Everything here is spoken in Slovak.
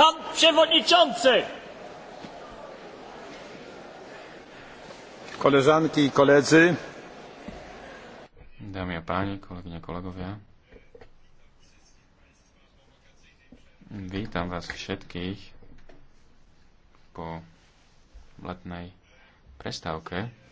Pan przewodniczący! Koleżanki i koledzy. Dámy a páni, kolegyne, kolegovia. Vítam vás všetkých po letnej prestávke.